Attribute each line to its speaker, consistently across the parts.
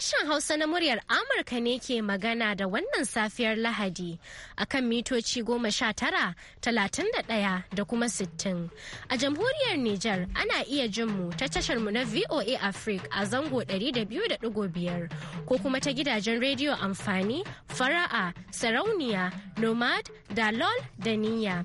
Speaker 1: Sashen Hausa na muryar Amurka ne ke magana da wannan safiyar Lahadi a kan mitoci goma sha tara, talatin da ɗaya da kuma sittin. A jamhuriyar Nijar ana iya jinmu ta tasharmu na VOA Africa a zango 200.5 ko kuma ta gidajen rediyo amfani, fara'a, sarauniya, nomad, dalol da niyya.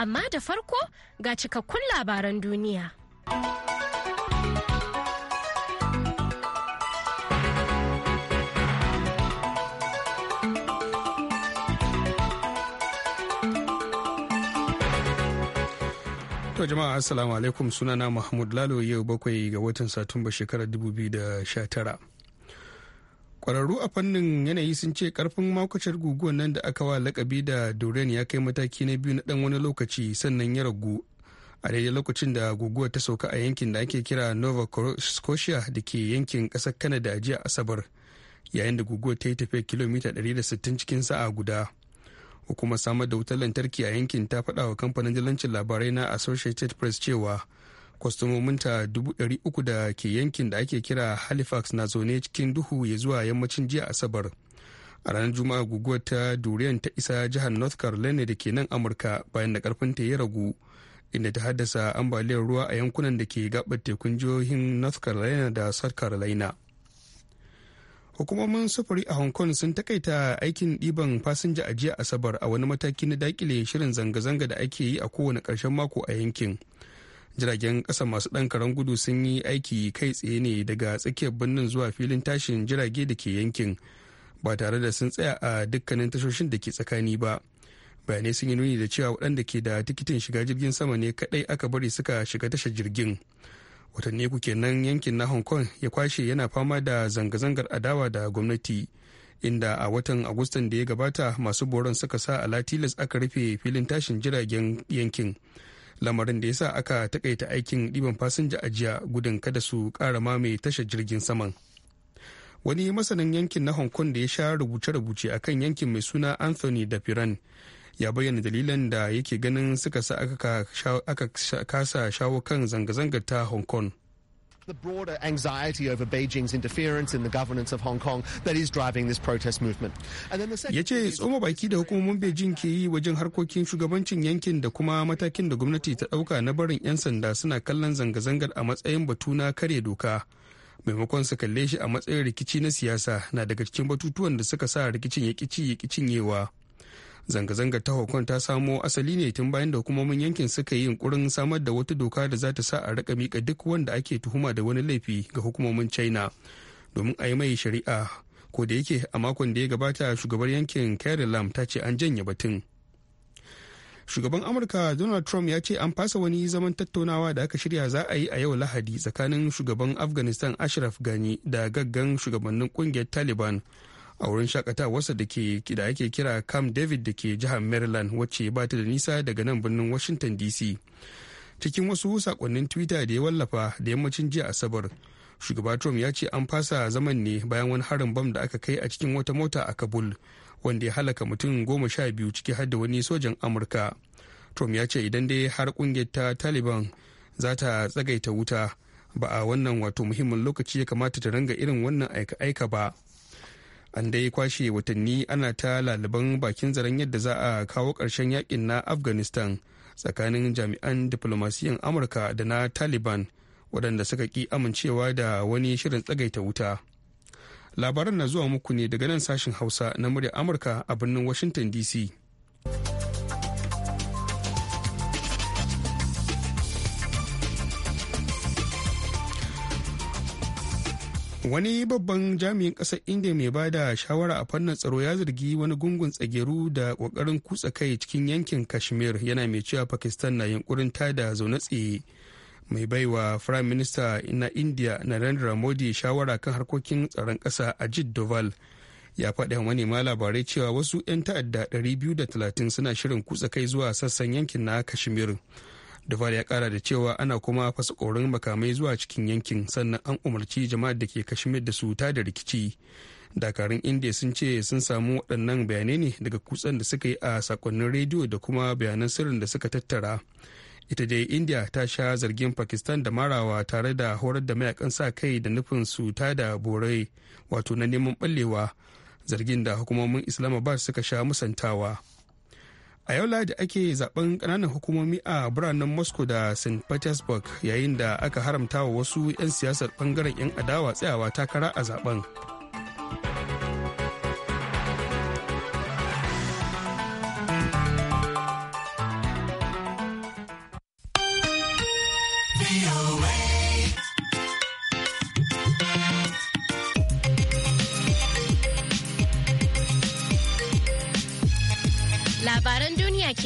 Speaker 1: amma da farko ga cikakkun labaran duniya.
Speaker 2: To jama'a assalamu alaikum sunana Mahmud Lalo yau bakwai ga watan Satumba shekarar 2019. kwararru a fannin yanayi sun ce karfin makwacin guguwar nan da aka wa lakabi da dorian ya kai mataki na biyu na dan wani lokaci sannan ya ragu a daidai lokacin da guguwar ta sauka a yankin da ake kira nova scotia da ke yankin kasar canada jiya asabar yayin da guguwar ta yi tafiya kilomita 160 cikin sa'a guda hukumar samar da wutar lantarki a yankin ta faɗa wa kamfanin jalancin labarai na associated press cewa kwastomominta uku da ke yankin da ake kira halifax na zaune cikin duhu ya zuwa yammacin jiya asabar a ranar juma'a guguwar ta durian ta isa jihar north carolina da ke nan amurka bayan da ta ya ragu inda ta haddasa ambaliyar ruwa a yankunan da ke gabar tekun jihohin north carolina da south carolina hukumomin sufuri a hong kong sun takaita aikin ɗiban fasinja a jiya asabar a wani mataki na dakile shirin zanga-zanga da ake yi a kowane karshen mako a yankin jiragen ƙasa masu ɗan karan gudu sun yi aiki kai tsaye ne daga tsakiyar birnin zuwa filin tashin jirage da ke yankin ba tare da sun tsaya a dukkanin tashoshin da ke tsakani ba bayanai sun yi nuni da cewa waɗanda ke da tikitin shiga jirgin sama ne kaɗai aka bari suka shiga tashar jirgin watanni ku kenan yankin na hong kong ya kwashe yana fama da zanga-zangar adawa da gwamnati inda a watan agustan da ya gabata masu boron suka sa a latilas aka rufe filin tashin jiragen yankin lamarin da ya sa aka takaita aikin ɗiban fasinja a jiya gudun kada su ƙara mamaye tashar jirgin saman wani masanin yankin na hong kong da ya sha rubuce-rubuce a kan yankin mai suna anthony da piran ya bayyana dalilan da yake ganin suka sa aka kasa shawo kan zanga-zangar ta hong kong the broader anxiety over Beijing's interference in the governance of Hong Kong that is driving this protest movement. Ya ce tsoma baki da hukumomin Beijing ke yi wajen harkokin shugabancin yankin da kuma matakin da gwamnati ta dauka na barin 'yan sanda suna kallon zanga-zangar a matsayin batu na karya doka. Maimakon su kalle shi a matsayin rikici na siyasa na daga cikin batutuwan da suka sa rikicin ya ci ya ƙicinyewa. zanga-zanga ta hukun ta samo asali ne tun bayan da hukumomin yankin suka yi yunkurin samar da wata doka da za ta sa a raka mika duk wanda ake tuhuma da wani laifi ga hukumomin china domin a yi mai shari'a ko da yake a makon da ya gabata shugabar yankin carrie lam ta ce an janye batun shugaban amurka donald trump ya ce an fasa wani zaman tattaunawa da aka shirya za a yi a yau lahadi tsakanin shugaban afghanistan ashraf gani da gaggan shugabannin kungiyar taliban a wurin shakatawarsa da ke da ake kira cam David da ke jihar Maryland wacce ba ta da nisa daga nan birnin Washington DC. Cikin wasu sakonnin Twitter da ya wallafa da yammacin jiya Asabar, shugaba Trump ya ce an fasa zaman ne bayan wani harin bam da aka kai a cikin wata mota a Kabul wanda ya halaka mutum goma sha biyu ciki har da wani sojan Amurka. Trump ya ce idan dai har kungiyar ta Taliban za ta tsagaita wuta ba a wannan wato muhimmin lokaci ya kamata ta ranga irin wannan aika-aika ba. an dai kwashe watanni ana ta laliban bakin zaren yadda za a kawo ƙarshen yakin na afghanistan tsakanin jami'an diflomasiyan amurka da na taliban waɗanda suka ƙi amincewa da wani shirin tsagaita wuta labaran na zuwa muku ne daga nan sashen hausa na murya amurka a birnin washington dc wani babban jami'in ƙasar india mai ba da shawara a fannin tsaro ya zargi wani gungun tsageru da kokarin kutsa kai cikin yankin kashmir yana mai cewa pakistan na yunkurin tada zaune tsaye mai baiwa prime minister na india narendra modi shawara kan harkokin tsaron ƙasa ajit doval ya faɗa manema labarai cewa wasu 'yan ta'adda 230 suna shirin kutsa kai zuwa sassan yankin na kashmir duval ya kara da cewa ana kuma fasa korin makamai zuwa cikin yankin sannan an umarci jama'ar da ke kashmir da su ta da rikici dakarun indiya sun ce sun samu waɗannan bayanai ne daga kutsen da suka yi a sakonnin rediyo da kuma bayanan sirrin da suka tattara ita dai india ta sha zargin pakistan da marawa tare da horar da mayakan sa kai da nufin su ta da borai wato na neman ɓallewa zargin da hukumomin islamabad suka sha musantawa a yau ladi ake zaben kananan hukumomi a biranen moscow da st petersburg yayin da aka haramta wa wasu 'yan siyasar bangaren 'yan adawa tsayawa takara a zaben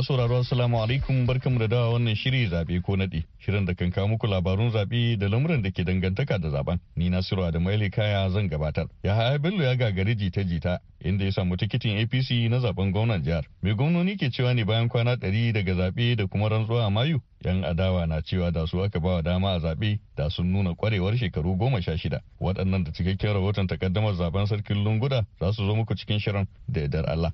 Speaker 3: Masu sauraro Assalamu alaikum da dawa wannan shiri zabe ko naɗi Shirin da kan kawo muku labarun zabe da lamuran da ke dangantaka da zaben. Ni Nasiru Adamaili Kaya zan gabatar. Yahaya Bello ya gagari jita jita inda ya samu tikitin APC na zaben gwamnan jihar. Mai gwamnoni ke cewa ne bayan kwana ɗari daga zabe da kuma rantsuwa a Mayu. Yan adawa na cewa da su aka bawa dama a zaɓe da sun nuna kwarewar shekaru goma sha shida. Waɗannan da cikakken rahoton takaddamar zaben sarkin Lunguda za su zo muku cikin shirin da yardar Allah.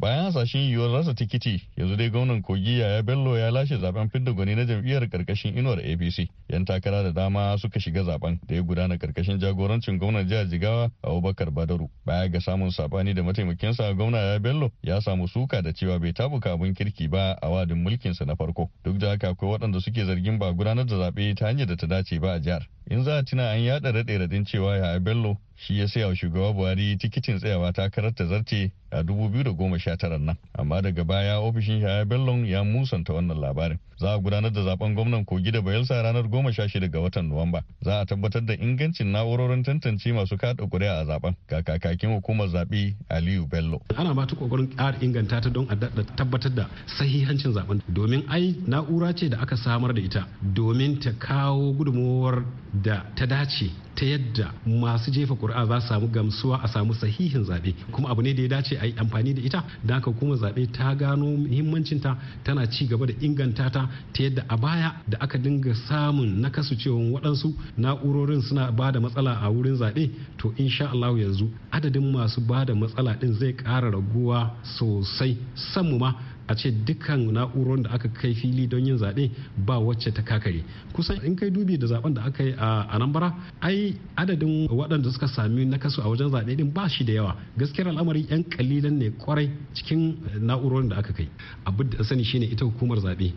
Speaker 3: bayan hasashen yiwuwar rasa tikiti yanzu dai gwamnan kogi yaya bello ya lashe zaben fidda gwani na jam'iyyar karkashin inuwar apc yan takara da dama suka shiga zaben da ya gudana karkashin jagorancin gwamnan jihar jigawa abubakar badaru baya ga samun sabani da mataimakinsa gwamna ya bello ya samu suka da cewa bai tabuka abin kirki ba a wadin mulkinsa na farko duk da haka akwai waɗanda suke zargin ba gudanar da zaɓe ta hanyar da ta dace ba a jihar in za a tuna an yaɗa raɗe-raɗin cewa yaya bello shi ya saya shugaba buhari tikitin tsayawa takarar ta zarce a 2019 nan amma daga baya ofishin shaya bellon ya musanta wannan labarin za a gudanar da zaben gwamnan kogi da bayelsa ranar 16 ga watan nuwamba za a tabbatar da ingancin na'urorin tantance masu kada kuri'a a zaben ga kakakin hukumar zaɓe aliyu bello
Speaker 4: ana ba ta kokarin ƙara inganta ta don a tabbatar da sahihancin zaben domin ai na'ura ce da aka samar da ita domin ta kawo gudunmowar da ta dace ta yadda masu jefa ƙuri'a za su samu gamsuwa a samu sahihin zaɓe kuma abu ne da ya dace a yi amfani da ita da haka kuma zaɓe ta gano muhimmancinta tana ci gaba da inganta ta ta yadda a baya da aka dinga samun nakasu cewa waɗansu na'urorin suna ba da matsala a wurin zaɓe to insha Allah yanzu adadin masu ba da matsala ɗin zai ƙara raguwa sosai sanmu ma a ce dukkan na'urorin da aka kai fili don yin zaɓe ba wacce ta kakare kusan in kai dubi da zaben da aka yi a nan bara. ai adadin waɗanda suka sami nakasu a wajen zaɓe din ba shi da yawa gaskiyar al'amari yan kalilan ne kwarai cikin na'urorin da aka kai abu da sani shine ita hukumar zaɓe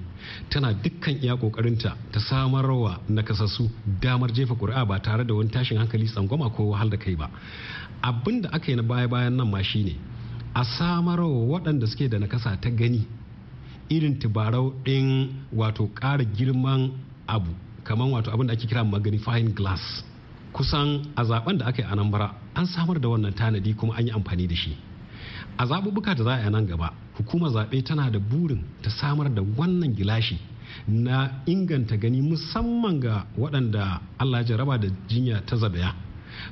Speaker 4: tana dukkan iya kokarinta ta samarwa nakasassu damar jefa ƙuri'a ba tare da wani tashin hankali tsangwama ko wahal da kai ba abin da aka yi na baya-bayan nan ma shine a samarwa waɗanda suke da nakasa ta gani irin tubarau ɗin wato ƙara girman abu kamar wato abin da ake kira magnifying glass kusan a zaben da aka yi a nan bara an samar da wannan tanadi kuma an yi amfani da shi a zaɓuɓɓuka da za a yi nan gaba hukumar zaɓe tana da burin ta samar da wannan gilashi na inganta gani musamman ga waɗanda allah jaraba da jinya ta zabaya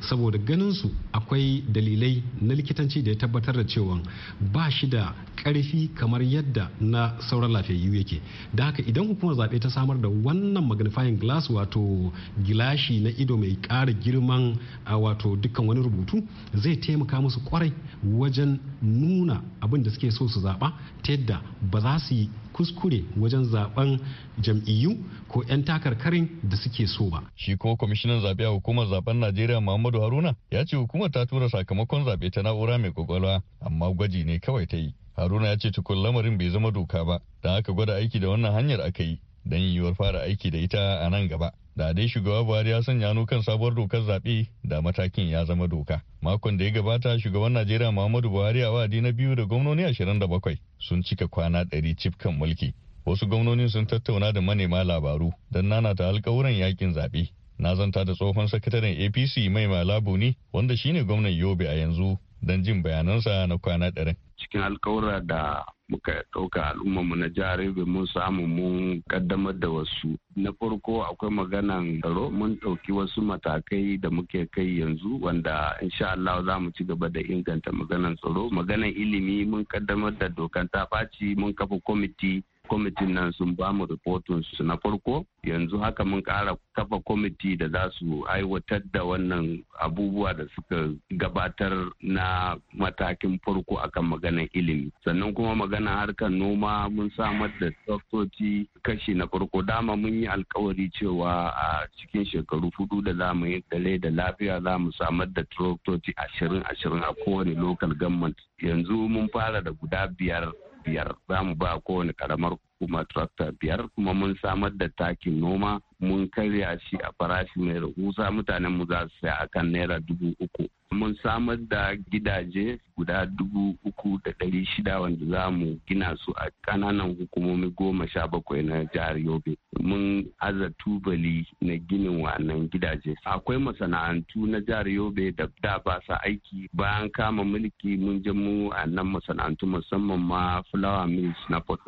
Speaker 4: saboda ganin su akwai dalilai na likitanci da ya tabbatar da cewa ba shi da karfi kamar yadda na sauran lafiyayyu yake da haka idan hukumar zaɓe ta samar da wannan magnifying glass wato gilashi na ido mai ƙara girman a wato dukkan wani rubutu zai taimaka musu kwarai wajen nuna abin da suke so su zaɓa ta yadda ba za su yi kuskure wajen zaben jam'iyyu ko 'yan takarkarin da suke so ba.
Speaker 3: Shi kuma kwamishinan zaɓe a hukumar zaben Najeriya Muhammadu Haruna ya ce hukumar ta tura sakamakon zaɓe ta na'ura mai kwakwalwa amma gwaji ne kawai ta yi. Haruna ya ce tukun lamarin bai zama doka ba, don haka gwada aiki da wannan hanyar aka yi don yiwuwar fara aiki da ita a nan gaba. da dai shugaba buhari ya sanya hannu kan sabuwar dokar zaɓe da matakin ya zama doka makon da ya gabata shugaban najeriya muhammadu buhari a wa'adi na biyu da gwamnoni ashirin da bakwai sun cika kwana ɗari cif kan mulki wasu gwamnonin sun tattauna da manema labaru don nanata alkawuran yakin zaɓe na zanta da tsohon sakataren apc mai malabu ne wanda shine gwamnan yobe a yanzu don jin bayanansa na kwana ɗarin
Speaker 5: cikin alkawura da muka ɗauka mu na jarabe mun samu mun kaddamar da wasu na farko akwai maganan tsaro mun ɗauki wasu matakai da muke kai yanzu wanda insha Allah za mu ci gaba da inganta maganan tsaro maganan ilimi mun kaddamar da dokan ta ɓaci mun kafa kwamiti kwamitin nan sun ba mu su na farko yanzu haka mun kara kafa kwamiti da za su aiwatar da wannan abubuwa da suka gabatar na matakin farko akan maganar ilimi sannan kuma magana harkar noma mun samar da tsaftoci kashi na farko dama mun yi alkawari cewa a cikin shekaru hudu da za mu yi dale da lafiya za mu samar da tsaftoci ashirin ashirin a kowane local government yanzu mun fara da guda biyar biyar za mu ba kowane karamar hukuma tractor biyar kuma mun samar da takin noma mun karya shi a farashi mai rahusa mutanen mu za su saya kan naira dubu uku mun samar da gidaje guda dubu uku da ɗari shida wanda za mu gina su a ƙananan hukumomi goma sha bakwai na jihar yobe mun aza tubali na ginin wannan gidaje akwai masana'antu na jihar yobe da da ba sa aiki bayan kama mulki mun je mu a nan masana'antu musamman ma flower mills na port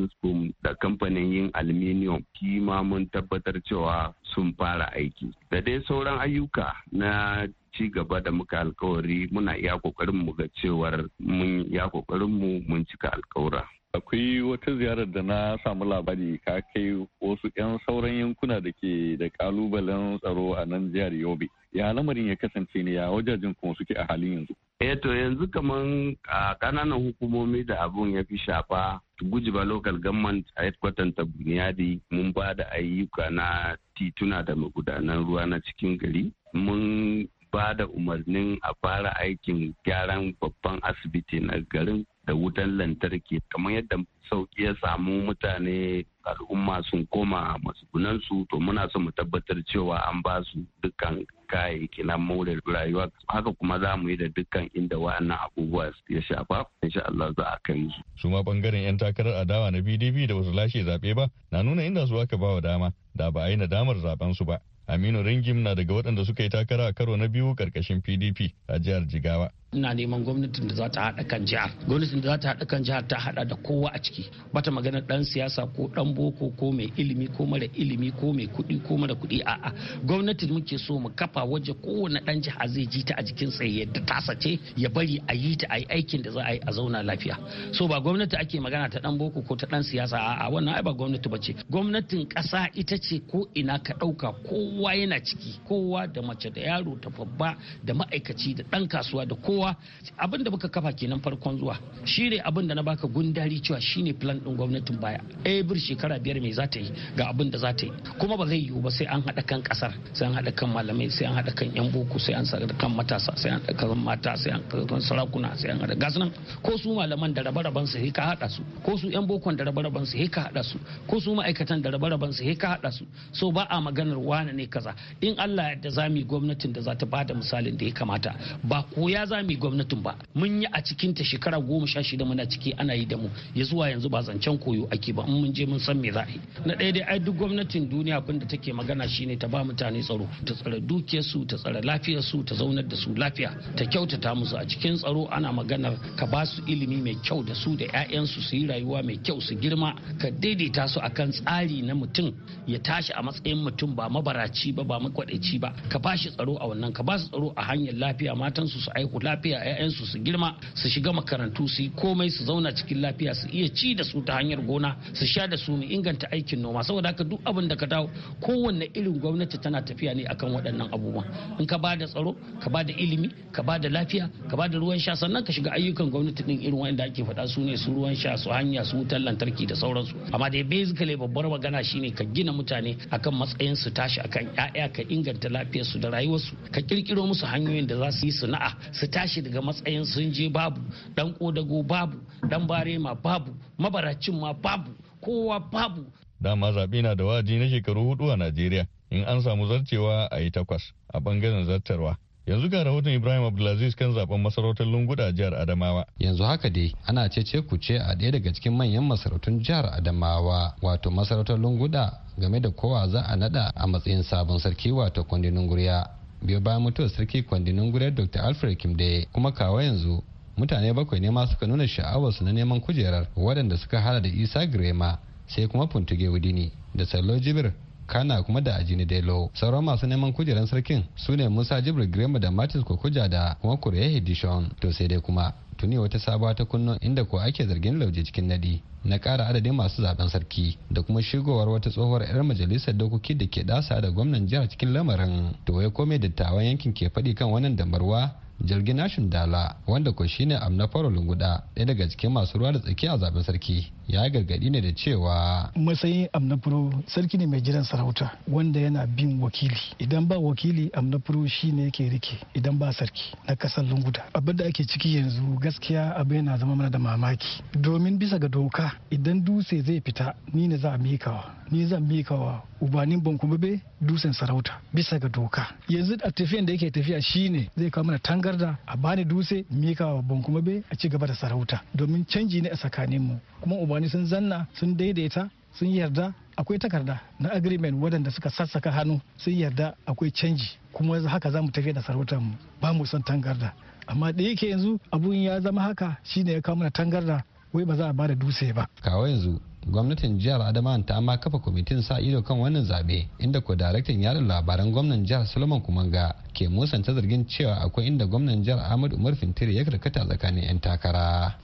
Speaker 5: da kamfanin yin aluminium kima mun tabbatar cewa sun fara aiki da dai sauran ayyuka na ci gaba da muka alkawari muna iya kokarin mu ga cewar mun iya kokarin mu mun cika alkawura
Speaker 3: akwai wata ziyarar da na samu labari ka kai wasu 'yan sauran yankuna da ke da kalubalen tsaro a nan jihar yobe ya lamarin ya kasance ne ya wajajen kuma suke a halin yanzu
Speaker 5: eh to yanzu kamar a kananan hukumomi da abun ya fi shafa Gujiba Local Government a headquarter ta Bunyadi mun ba da ayyuka na tituna da magudanan ruwa na cikin gari. Mun ba da umarnin a fara aikin gyaran babban asibiti na garin da wutan lantarki kamar yadda sauki ya samu mutane al'umma sun koma gunansu to muna so mu tabbatar cewa an ba su dukkan kayayyaki na more rayuwa haka kuma za mu yi da dukkan inda wa'annan abubuwa ya shafa insha Allah za a kai musu.
Speaker 3: su ma bangaren 'yan takarar adawa na pdp da wasu lashe zaɓe ba na nuna inda su aka bawa dama da ba a yi nadamar zaben su ba aminu ringim na daga waɗanda suka yi takara a karo na biyu karkashin pdp a jihar jigawa
Speaker 6: ina neman gwamnatin da za ta haɗa kan jihar gwamnatin da za ta haɗa kan jihar ta haɗa da kowa a ciki bata magana ɗan siyasa ko dan boko ko mai ilimi ko mara ilimi ko mai kuɗi ko mara kuɗi a'a gwamnatin muke so mu kafa waje kowane ɗan jiha zai ji ta a jikin sai yadda ta sace ya bari a yi ta a yi aikin da za a yi a zauna lafiya so ba gwamnati ake magana ta dan boko ko ta dan siyasa a'a wannan ai ba gwamnati bace gwamnatin ƙasa ita ce ko ina ka ɗauka kowa yana ciki kowa da mace da yaro da babba da ma'aikaci da ɗan kasuwa da kowa kowa abin da muka kafa kenan farkon zuwa shine abin da na baka gundari cewa shine plan din gwamnatin baya ebir shekara biyar mai za ta yi ga abin da za ta yi kuma ba zai yiwu ba sai an haɗa kan ƙasar sai an haɗa kan malamai sai an haɗa kan yan boko sai an haɗa kan matasa sai an haɗa kan mata sai an haɗa kan sarakuna sai an haɗa gasnan ko su malaman da rabe-raben su ka haɗa su ko su yan bokon da rabe-raben su ka haɗa su ko su ma'aikatan da rabe-raben su ka haɗa su so ba a maganar wane ne kaza in Allah ya yarda za mu yi gwamnatin da za ta bada misalin da ya kamata ba koya za mu bi gwamnatin ba mun yi a cikin ta shekara goma sha shida muna ciki ana yi da mu ya zuwa yanzu ba zancen koyo ake ba in mun je mun san me za a yi na ɗaya dai ai duk gwamnatin duniya abin da take magana shine ta ba mutane tsaro ta tsare dukiyarsu ta tsare lafiyarsu ta zaunar da su lafiya ta kyautata musu a cikin tsaro ana maganar ka ba su ilimi mai kyau da su da 'ya'yansu su yi rayuwa mai kyau su girma ka daidaita su akan tsari na mutum ya tashi a matsayin mutum ba mabaraci ba ba makwadaci ba ka ba shi tsaro a wannan ka ba su tsaro a hanyar lafiya matansu su aiku lafiya lafiya 'ya'yansu su girma su shiga makarantu su yi komai su zauna cikin lafiya su iya ci da su ta hanyar gona su sha da su mu inganta aikin noma saboda haka duk abin da ka dawo kowanne irin gwamnati tana tafiya ne akan waɗannan abubuwa in ka bada tsaro ka bada ilimi ka bada lafiya ka bada ruwan sha sannan ka shiga ayyukan gwamnati din irin wanda ake faɗa su ne su ruwan sha su hanya su wutar lantarki da sauransu amma dai basically babbar magana shine ka gina mutane akan matsayin su tashi akan 'ya'ya ka inganta lafiyarsu da rayuwarsu ka kirkiro musu hanyoyin da za su yi sana'a su ta tashi daga matsayin sun je babu dan kodago babu dan barema babu mabaracin ma babu kowa babu dama zaɓe na da
Speaker 3: wa'adi na shekaru hudu a najeriya in an samu zarcewa a yi takwas a bangaren zartarwa yanzu ga rahoton ibrahim abdulaziz kan zaben masarautar lunguda jihar adamawa yanzu haka dai ana
Speaker 7: ce ce ku ce a ɗaya daga cikin manyan masarautun jihar adamawa wato masarautar lunguda game da kowa za a nada a matsayin sabon sarki wato kwandinin gurya. biyo bayan mutuwar sarki kwandinin gudanar dr alfred kimde kuma kawo yanzu mutane bakwai ne ma suka nuna sha'awarsu na neman kujerar waɗanda suka hada da isa girema sai kuma puntuge wudini da sallo jibir kana kuma da ajini dailo sauran masu neman kujeran sarkin su ne musa jibril grema da martins kokuja da kuma kuriya hedishon to sai dai kuma tuni wata sabuwa ta kunno inda ko ake zargin lauje cikin nadi na kara adadin masu zaben sarki da kuma shigowar wata tsohuwar 'yar majalisar dokoki da ke dasa da gwamnan jihar cikin lamarin to wai kome dattawan yankin ke faɗi kan wannan dambarwa jirgin nashin dala wanda ko shine amna faro lunguda ɗaya daga cikin masu ruwa da tsaki a zaben sarki ya gargaɗi ne da cewa matsayin amna furo sarki
Speaker 4: ne mai jiran sarauta wanda yana bin wakili idan ba wakili amna furo shine yake rike idan ba sarki na kasar lunguda abin da ake ciki yanzu gaskiya abin yana zama mana da mamaki domin bisa ga doka idan dutse zai fita ni ne za a mikawa ni zan mika wa ubanin babe dusan sarauta bisa ga doka yanzu a tafiyan da yake tafiya shine zai kawo mana tangarda a bani dutse mika wa babe a ci gaba da sarauta domin canji ne a tsakanin mu kuma ubani sun zanna sun daidaita sun yarda akwai takarda na agreement wadanda suka sassaka hannu sun yarda akwai canji kuma haka za mu tafi da sarautar mu ba mu san tangarda amma da yake yanzu abun ya zama haka shine ya kawo mana tangarda
Speaker 7: wai ba za a bada dutse ba Kawo yanzu gwamnatin jihar adamawa ta ma kafa kwamitin sa ido kan wannan zabe inda ko daraktan yada labaran gwamnan jihar solomon kumanga ke musanta zargin cewa akwai inda gwamnan jihar ahmad umar fintiri ya karkata tsakanin yan takara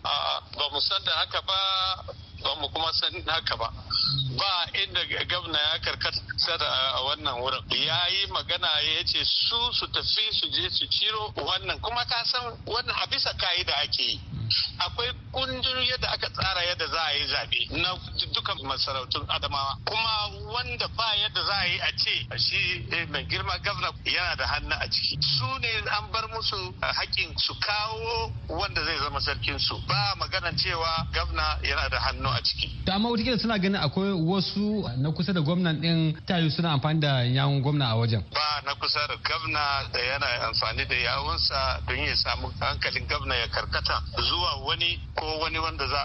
Speaker 1: ba
Speaker 8: mu san da haka ba mu kuma san haka ba ba inda gwamna ya karkata a wannan wurin ya yi magana ya ce su su tafi su je su ciro wannan kuma ka san wannan a bisa ka'ida ake yi akwai kundin yadda aka tsara yadda za a yi zaɓe na dukkan masarautun adamawa kuma wanda ba yadda za a yi a ce shi eh, mai girma gavna yana da hannu a ciki su ne an bar musu hakkin su kawo wanda zai zama sarkin su ba magana cewa gavna yana da hannu a ciki
Speaker 7: da amma wata suna ganin akwai wasu na kusa da gwamnan din tayu suna amfani da yawun gwamna a wajen
Speaker 8: ba na kusa da gwamna da yana amfani da yawunsa don ya samu hankalin gwamna ya karkata zuwa zuwa wani ko wani wanda za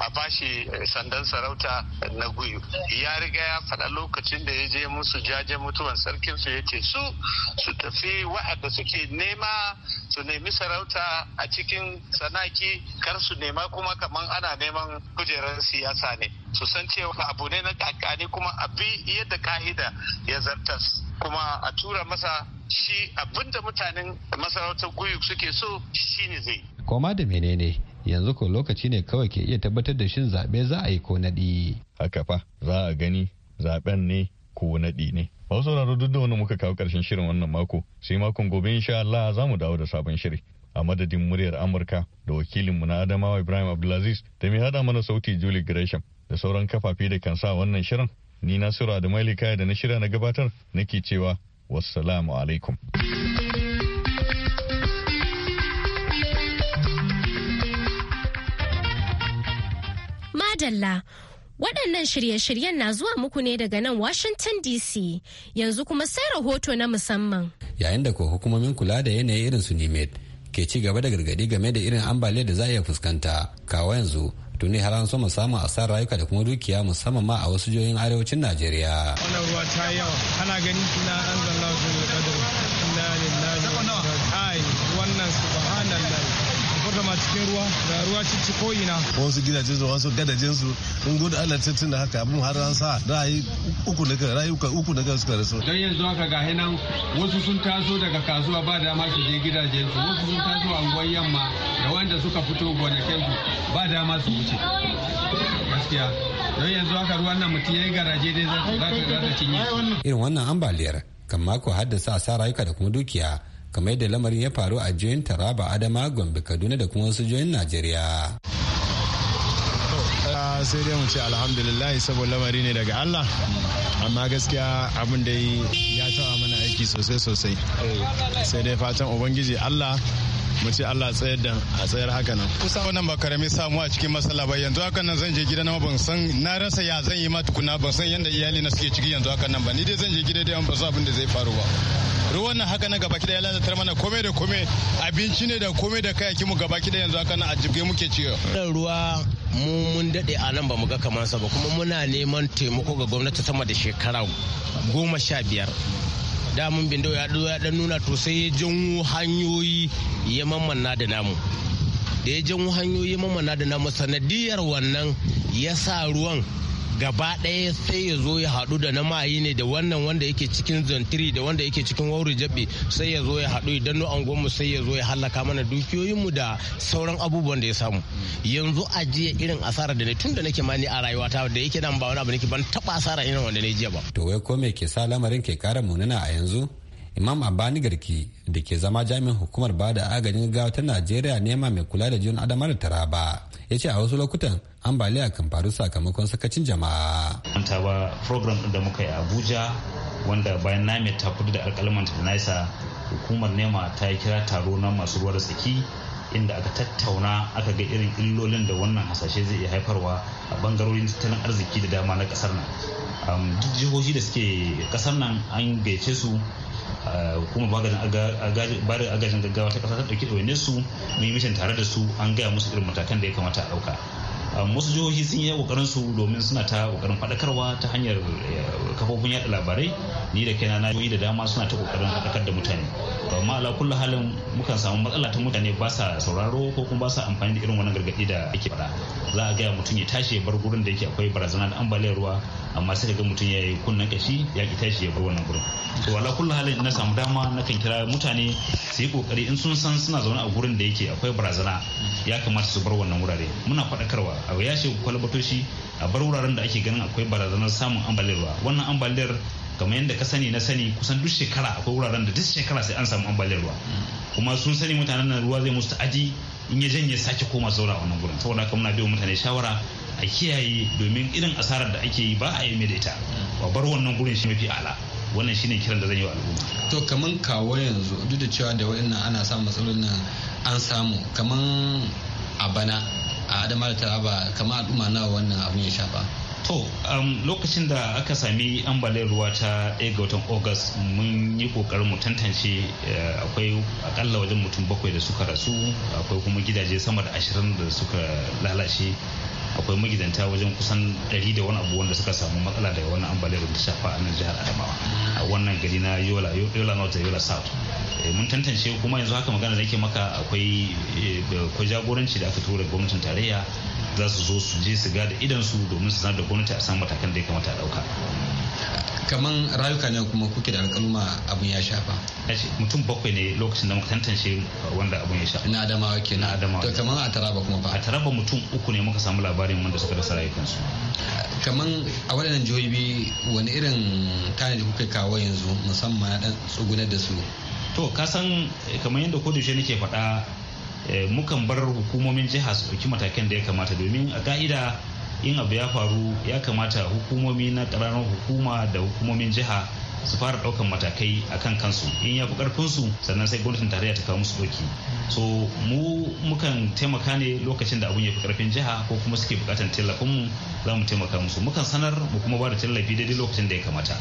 Speaker 8: a bashi sandan sarauta na guyu ya riga ya faɗa lokacin da ya je musu jaje mutuwan sarkin su ya ce su su tafi wa'anda suke nema su nemi sarauta a cikin sanaki kar su nema kuma kamar ana neman kujerar siyasa ne su san cewa abu ne na kakani kuma abi yadda ka'ida ya zartas kuma a tura masa shi abinda mutanen masarautar guyu suke so shi ne zai
Speaker 7: koma da menene yanzu ko lokaci ne
Speaker 3: kawai ke iya tabbatar da shin zaɓe za a yi ko naɗi. haka fa za a gani zaɓen ne ko naɗi ne su sauraro duk da wani muka kawo ƙarshen shirin wannan mako sai makon gobe insha Allah za mu dawo da sabon shiri a madadin muryar Amurka da wakilinmu na Adamawa Ibrahim Abdulaziz da mai hada mana sauti Julie Gresham da sauran kafafi da kan sa wannan shirin. Ni Nasiru Adamu Kaya da na shirya na gabatar nake cewa wassalamu alaikum.
Speaker 1: Madalla. Waɗannan shirye-shiryen na zuwa muku ne daga nan Washington DC yanzu kuma sai rahoto na musamman.
Speaker 7: Yayin da ko hukumomin kula da yanayi irin su nimet ke ci gaba da gargaɗi game da irin ambaliyar da za a iya fuskanta kawo yanzu tuni har an so samun asarar rayuka da kuma dukiya musamman ma a wasu jihohin arewacin
Speaker 9: Najeriya. Wannan ruwa ta yawa ana gani na an zalla cikin ruwa da ruwa ci ko ina wasu gidajen su wasu gadajen su in gudu Allah tun da haka abin har an sa ra'ayi uku na kan rayuka uku na kan suka rasu dan yanzu haka ga nan wasu sun taso daga kasuwa ba dama
Speaker 7: su je gidajen su wasu sun taso a yamma da wanda suka fito gonakin su ba dama su wuce gaskiya don yanzu haka ruwan nan mutum ya yi garaje dai za ta cinye irin wannan ambaliyar kan mako haddasa sa rayuka da kuma dukiya kamar yadda lamarin ya faru a jiyoyin taraba adama gombe kaduna da kuma wasu jiyoyin najeriya
Speaker 10: ah, sai dai mu ce alhamdulillah saboda lamari ne daga allah amma gaskiya abin da ya taba mana aiki sosai sosai sai dai fatan ubangiji allah mu ce Allah tsayar da a tsayar haka nan. Kusa wannan ba karami samu a cikin matsala ba yanzu haka nan zan je gida na ban san na rasa ya zan yi ma tukuna ban san yanda iyali na suke ciki yanzu haka nan ba ni dai zan je gida dai ban san abin da zai faru ba. ruwan nan haka na gaba kida ya lalatar mana komai da komai abinci ne da komai da kayaki mu gaba kida yanzu haka na ajibge muke ciwo ruwa mu mun dade a nan bamu ga kaman sa ba kuma muna neman taimako ga gwamnati sama da shekara goma sha biyar da mun bindo ya dan nuna to sai ya janwo hanyoyi ya mamanna da namu da ya janwo hanyoyi mamanna da namu sanadiyar wannan ya sa ruwan gaba ɗaya sai ya zo ya haɗu da na mayi ne da wannan wanda yake cikin zantiri da wanda yake cikin wauri jabi sai ya zo ya haɗu idan angon mu sai ya zo ya halaka mana dukiyoyinmu da sauran abubuwan da ya samu yanzu a irin asara da ne tun da nake mani a rayuwata da yake nan ba wani abu nake ban taɓa asara irin wanda ne jiya ba.
Speaker 7: to wai ko me ke sa lamarin ke kara munana a yanzu imam abani garki da ke zama jami'in hukumar bada agajin gawa ta najeriya nema mai kula da jiyon adamar taraba ya ce a wasu
Speaker 11: lokutan ambaliya kan faru sakamakon sakacin jama'a. taba program da muka yi abuja wanda bayan name ta da alkalaman da naisa hukumar nema ta yi kira taro na masu ruwa da tsaki inda aka tattauna aka ga irin illolin da wannan hasashe zai iya haifarwa a bangarorin tattalin arziki da dama na kasar nan duk jihohi da suke kasar nan an gaice su Eh, hukumar bada agajin gaggawa ta kasa ta ɗauki ɗauke su mun yi mishin tare da su an gaya musu irin matakan da ya kamata a ɗauka eh, wasu jihohi sun yi kokarin su domin suna ta kokarin faɗakarwa ta hanyar eh, kafofin yada labarai ni da kaina na da dama suna ta kokarin haɗakar da mutane amma ala kullu halin mukan samu matsala ta mutane ba sa sauraro ko kuma ba sa amfani da irin wannan gargadi da ake faɗa za a gaya mutum ya tashi ya bar gurin da yake akwai barazana da ambaliyar ruwa amma sai ga mutum ya yi kunna kashi ya ki tashi ya bar wannan gurin to wala kullu halin na samu dama na kan kira mutane su yi kokari in sun san suna zaune a gurin da yake akwai barazana ya kamata su bar wannan wurare muna faɗakarwa a ya ce kwalbato shi a bar wuraren da ake ganin akwai barazanar samun ambaliyar wannan ambaliyar kamar yadda ka sani na sani kusan duk shekara akwai wuraren da duk shekara sai an samu ambaliyar ruwa kuma sun sani mutanen nan ruwa zai musu ta'adi in ya janye sake koma zaura a wannan gurin saboda haka muna biyo mutane shawara a kiyaye domin irin asarar da ake yi ba a yi mai da ita bar wannan gurin shi mafi ala wannan shine kiran da zan yi wa al'umma to kaman kawo yanzu duk da cewa da waɗannan
Speaker 7: ana samun matsalolin nan an samu kaman a bana a adama da taraba kamar al'umma nawa wannan abun ya shafa
Speaker 11: to um, lokacin da aka sami ambaliyar ruwa ta ɗaya ga watan august mun yi kokarin mu tantance eh, akwai akalla wajen mutum bakwai da suka rasu akwai kuma gidaje sama da ashirin da suka lalace akwai magidanta wajen kusan ɗari da wani abu wanda suka samu matsala daga wannan ambaliyar da shafa a nan jihar adamawa a wannan gari na yola yola north da yola south eh, mun tantance kuma yanzu haka magana da yake maka eh, akwai jagoranci da aka tura gwamnatin tarayya za su zo su je su ga da idan su domin su sanar da gwamnati a san matakan da ya kamata a ɗauka kaman rayuka ne kuma kuke da alƙaluma abun ya shafa mutum bakwai ne lokacin da muka tantance wanda abun ya shafa na adamawa ke na adamawa to kaman a taraba kuma ba a taraba mutum uku ne muka samu labarin wanda suka rasa rayukansu
Speaker 7: kaman a waɗannan jihohi wani irin
Speaker 11: tanadi kuka kawo yanzu musamman na ɗan tsugunar da su to ka san eh, kamar yadda ko kodushe nake faɗa eh, mukan bar hukumomin jiha su ɗauki matakan da ya kamata domin a ka'ida in abu ya faru ya kamata hukumomi na ƙaramin hukuma da hukumomin jiha su fara ɗaukan matakai a kan kansu in ya fi ƙarfinsu sannan sai gwamnatin tarayya ta kawo musu doki so mu mukan taimaka ne lokacin da abun ya fi ƙarfin jiha ko kuma suke bukatan tallafin mu za mu taimaka musu mukan sanar mu kuma ba da tallafi daidai lokacin da ya kamata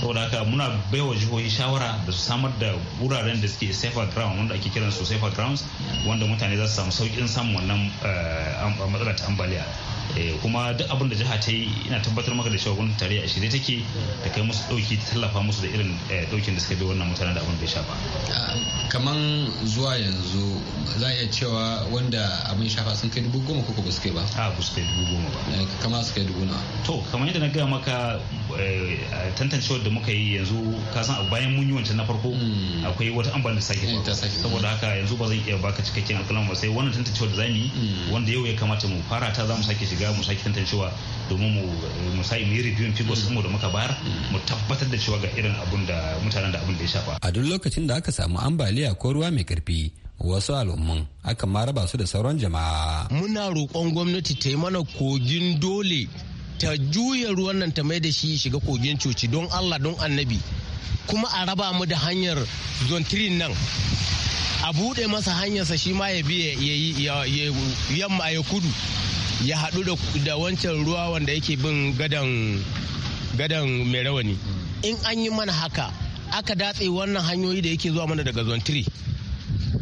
Speaker 11: saboda haka muna baiwa jihohi shawara da su samar da wuraren da suke safer ground wanda ake kiransu safer grounds wanda mutane za su samu saukin samun wannan eh, matsalar ta ambaliya eh, kuma duk abin da jiha ta yi ina tabbatar maka da cewa gwamnatin tarayya a shirye take ta kai musu dauki ta tallafa musu da irin eh, daukin da suka bi wannan mutane da abin bai shafa ah, kaman zuwa yanzu za iya cewa wanda abin shafa sun kai dubu goma ko ba su kai ba
Speaker 7: a ah, ba su kai dubu goma ba eh, kama su kai dubu na
Speaker 11: to kamar yadda na gaya maka Eh, eh, tantancewar da muka yi yanzu kasan bayan mun yi wancan na farko hmm. akwai wata bani hmm, sake saboda haka yanzu ba zan iya baka cikakken alƙalam ba sai wannan tantancewar da zamu yi hmm. wanda yau ya kamata mu fara ta zamu sake shiga mu sake tantancewa domin mu mu sai mu yi review figures mu da muka bayar mu tabbatar da cewa ga irin abun da mutanen da abun da ya shafa a duk lokacin da aka samu ambaliya ko ruwa
Speaker 7: mai karfi wasu al'umman aka ma raba su da sauran jama'a.
Speaker 10: Muna roƙon gwamnati ta yi mana kogin dole ta juya ruwan nan ta mai da shi shiga kogin coci don allah don annabi kuma a raba mu da hanyar zontirin nan a buɗe masa hanyarsa shi ma ya bi ya yamma ya kudu ya hadu da wancan ruwa wanda yake bin gadan mai rawani in an yi mana haka aka datse wannan hanyoyi da yake zuwa mana daga zontiri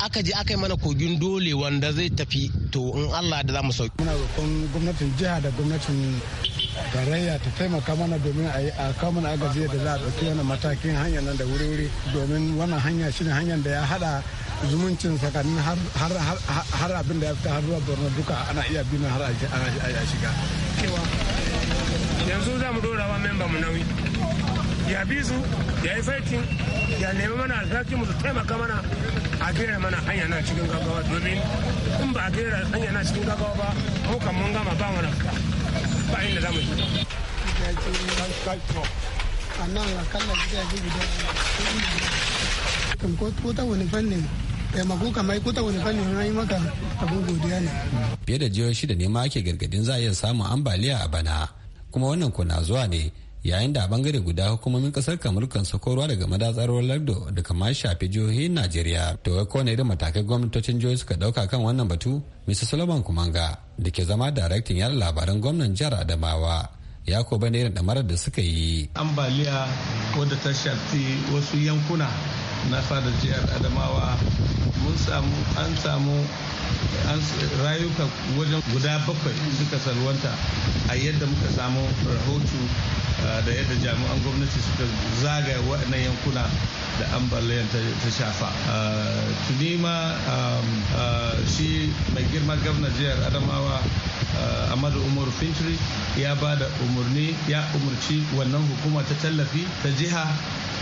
Speaker 10: aka je aka yi mana kogin dole wanda zai tafi to in allah da za mu sauki muna gwamnatin jiha da gwamnatin tarayya ta taimaka mana domin a yi a kamun agaji da za a ɗauki wani matakin hanyar nan da wuri-wuri domin wannan hanya shine hanyar da ya haɗa zumuncin tsakanin har abin da ya fita har zuwa borno duka ana iya bin har a shiga. yanzu za mu dora wa memba mu nauyi ya bi su ya yi faitin ya nemi mana alhaki mu su taimaka mana a gera mana hanya na cikin gaggawa domin in ba a gera hanya na cikin gaggawa ba mu kan mun gama ba na ba inda za mu a nan gidaje guda ko ta wani fannin taimako kamar ko ta wani fannin na yi maka abin godiya ne
Speaker 7: fiye da jihohi shida ne ma ake gargadin za a iya samun ambaliya a bana kuma wannan kuna na zuwa ne yayin da a bangare guda hukumomin kasar kamar kan sako daga madatsar lardo da kama shafi jihohin najeriya to wai kone irin matakai gwamnatocin jihohi suka dauka kan wannan batu mr solomon kumanga da ke zama daraktan yada labaran gwamnan jihar adamawa ya ko bane irin damarar da suka yi ambaliya
Speaker 9: wadda ta shafi wasu yankuna na fadar jihar adamawa an samu an rayuka wajen guda bakwai suka salwanta a yadda muka samu rahoto ah, da yadda jami'an gwamnati suka zagaya waɗannan yankuna da ambaliyar ta shafa ah, tuni ma ah, shi mai girma gwamnan jihar adamawa ah, amadu umar fintri ya ba da umarni ya umarci wannan hukuma ta tallafi ta jiha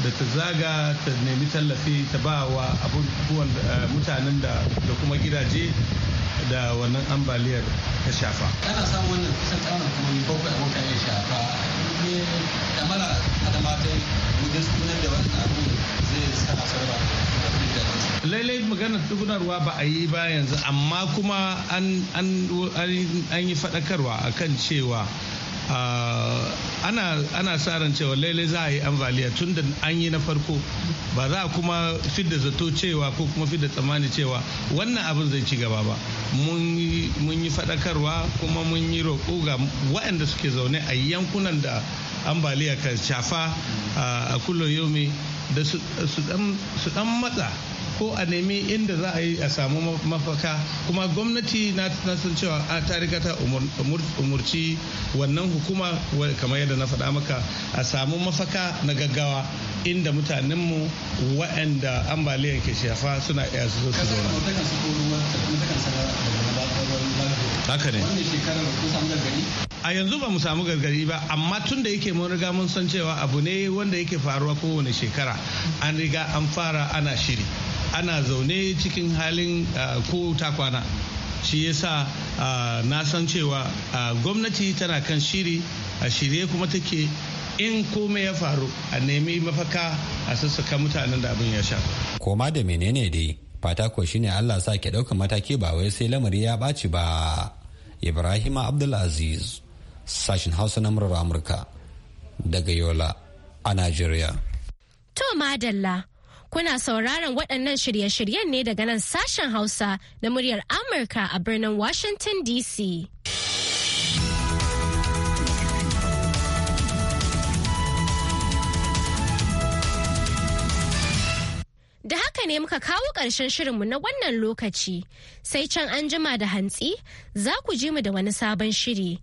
Speaker 9: da ta zaga ta nemi tallafi ta ba wa abubuwan mutanen da kuma gidaje da wannan ambaliyar ta shafa
Speaker 7: ana samun wannan kusan tsara kuma bakwai abokan ya shafa damara da matan da wannan abu zai sa a sarrafa
Speaker 9: lailai maganar dugunarwa ba a yi ba yanzu amma kuma an yi faɗakarwa akan cewa ana sa ran cewa lailai za a yi ambaliya tun da an yi na farko ba za a kuma fidda zato cewa ko kuma fidda tsammani cewa wannan abin zai ci gaba ba mun yi faɗakarwa kuma mun yi roƙo ga waɗanda suke zaune a yankunan da ambaliya kan shafa a kullum yomi da su dan matsa ko a nemi inda za a yi a samu mafaka kuma gwamnati na san cewa a ta riga ta umurci wannan hukuma kamar yadda na faɗa maka a samu mafaka na gaggawa inda mutanenmu waɗanda ambaliyan ke shafa suna iya su zo su Haka ne. a yanzu ba mu samu gargadi ba amma tun da yake mun riga mun san cewa abu ne wanda yake faruwa kowane shekara an riga an fara ana shiri ana zaune cikin halin ah, ko takwana kwana shi yasa ah, na san cewa ah, gwamnati tana kan shiri a shirye kuma take in komai ya faru a nemi mafaka a sassaka mutanen da abin ya sha koma da menene dai
Speaker 7: fata ko shine allah sa ke ɗauka mataki ba wai sai lamari ya ɓaci ba ibrahima abdulaziz sashen hausa na murar amurka daga yola a Najeriya.
Speaker 1: to madalla kuna sauraron waɗannan shirye-shiryen ne daga nan sashen hausa na muryar amurka a birnin washington dc Da haka ne muka kawo ƙarshen shirinmu na wannan lokaci, sai can an jima da hantsi za ku ji mu da wani sabon shiri.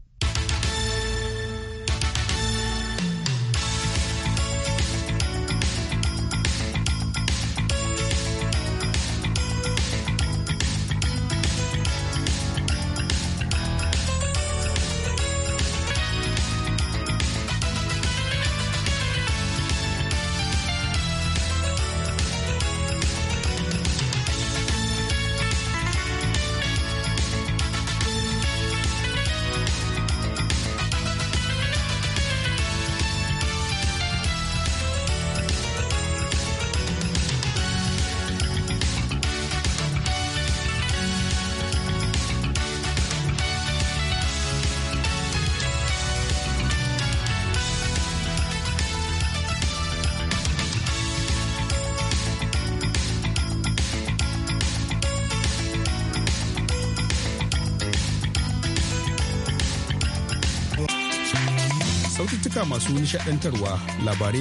Speaker 2: ayyuka masu nishadantarwa labarai